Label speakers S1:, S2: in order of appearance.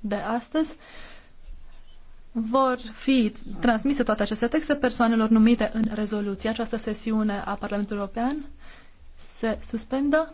S1: de astăzi vor fi transmise toate aceste texte persoanelor numite în rezoluție. Această sesiune a Parlamentului European se
S2: suspendă.